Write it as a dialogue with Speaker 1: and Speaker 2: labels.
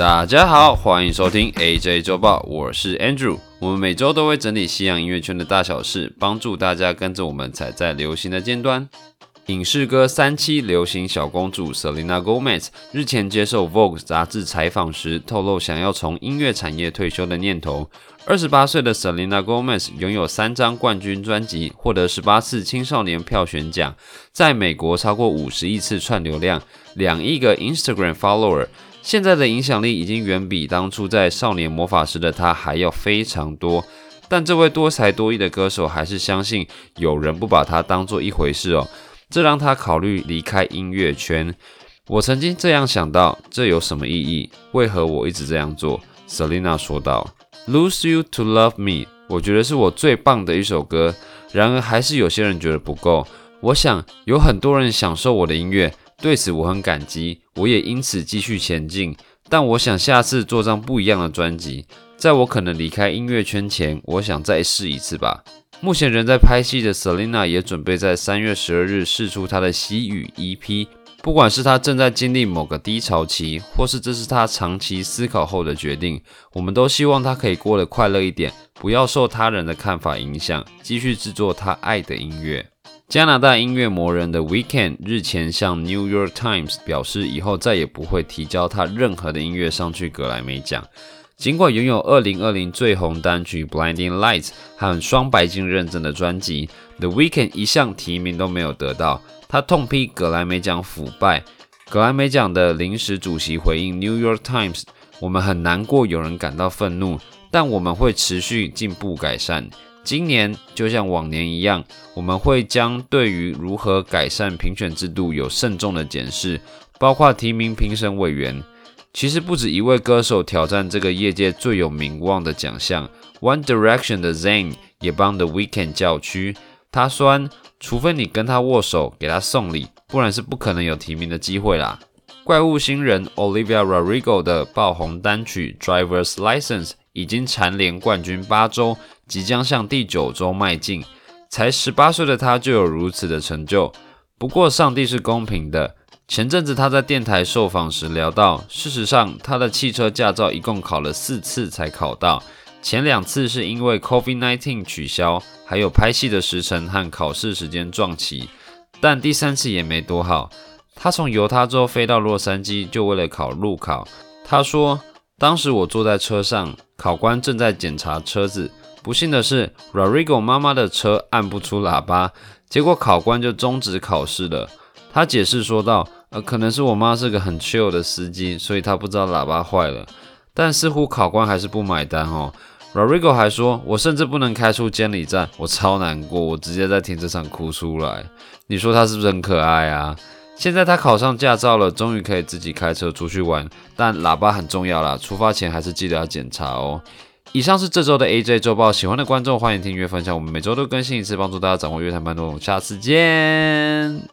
Speaker 1: 大家好，歡迎收聽 AJ 週報，我是 Andrew。我們每周都會整理西洋音樂圈的大小事，幫助大家跟着我們踩在流行的尖端。影視歌三棲流行小公主 Selena Gomez 日前接受 Vogue 雜誌採訪時，透露想要從音樂產業退休的念頭。二十八歲的 Selena Gomez 擁有三張冠軍專輯，獲得十八次青少年票選獎，在美國超過五十億次串流量，兩億個 Instagram follower。現在的影響力已經遠比當初在《少年魔法師》的他還要非常多，但這位多才多藝的歌手還是相信有人不把他當作一回事哦，這讓他考慮離開音樂圈。我曾經這樣想到，這有什麼意義？為何我一直這樣做？Selena 說道：“Lose You to Love Me，我覺得是我最棒的一首歌。然而，還是有些人覺得不夠。我想有很多人享受我的音樂。”對此我很感激，我也因此繼續前進。但我想下次做張不一樣的專輯，在我可能離開音樂圈前，我想再試一次吧。目前仍在拍戲的 Selena 也準備在三月十二日釋出她的西語 EP。不管是她正在經歷某個低潮期，或是這是她長期思考後的決定，我們都希望她可以過得快樂一點，不要受他人的看法影響，繼續制作她愛的音樂。加拿大音樂魔人 The Weeknd 日前向 New York Times 表示，以後再也不會提交他任何的音樂上去葛萊美獎。儘管擁有2020最紅單曲 Blinding Lights 和雙白金認證的專輯 The Weeknd，一項提名都沒有得到。他痛批葛萊美獎腐敗。葛萊美獎的臨時主席回應 New York Times：“ 我們很難過，有人感到憤怒，但我們會持續進步改善。”今年就像往年一樣，我們會將對於如何改善評選制度有慎重的檢視，包括提名評審委員。其實不止一位歌手挑戰這個業界最有名望的獎項，One Direction 的 Zayn 也幫 The Weeknd 叫屈。他酸，除非你跟他握手，給他送禮，不然是不可能有提名的機會啦。怪物新人 Olivia Rodrigo 的爆紅單曲《Driver's License》。已經蟬聯冠軍八週，即將向第九週邁進。才十八歲的他就有如此的成就。不過，上帝是公平的。前陣子他在電台受訪時聊到，事實上他的汽車駕照一共考了四次才考到，前兩次是因為 COVID-19 取消，還有拍戲的時程和考試時間撞期，但第三次也沒多好。他從猶他州飛到洛杉磯就為了考路考。他說。當時我坐在車上，考官正在檢查車子。不幸的是，Rodrigo 媽媽的車按不出喇叭，結果考官就終止考試了。他解釋說道：“呃，可能是我媽是個很 chill 的司機，所以她不知道喇叭壞了。”但似乎考官還是不買單哦。Rodrigo 還說：“我甚至不能開出監理站，我超難過，我直接在停車場哭出來。”你說她是不是很可愛啊？現在他考上駕照了，終於可以自己開車出去玩。但喇叭很重要啦，出發前還是記得要檢查哦。以上是這週的 AJ 週報，喜歡的觀眾歡迎訂閱分享。我們每週都更新一次，幫助大家掌握樂壇脈動。下次見。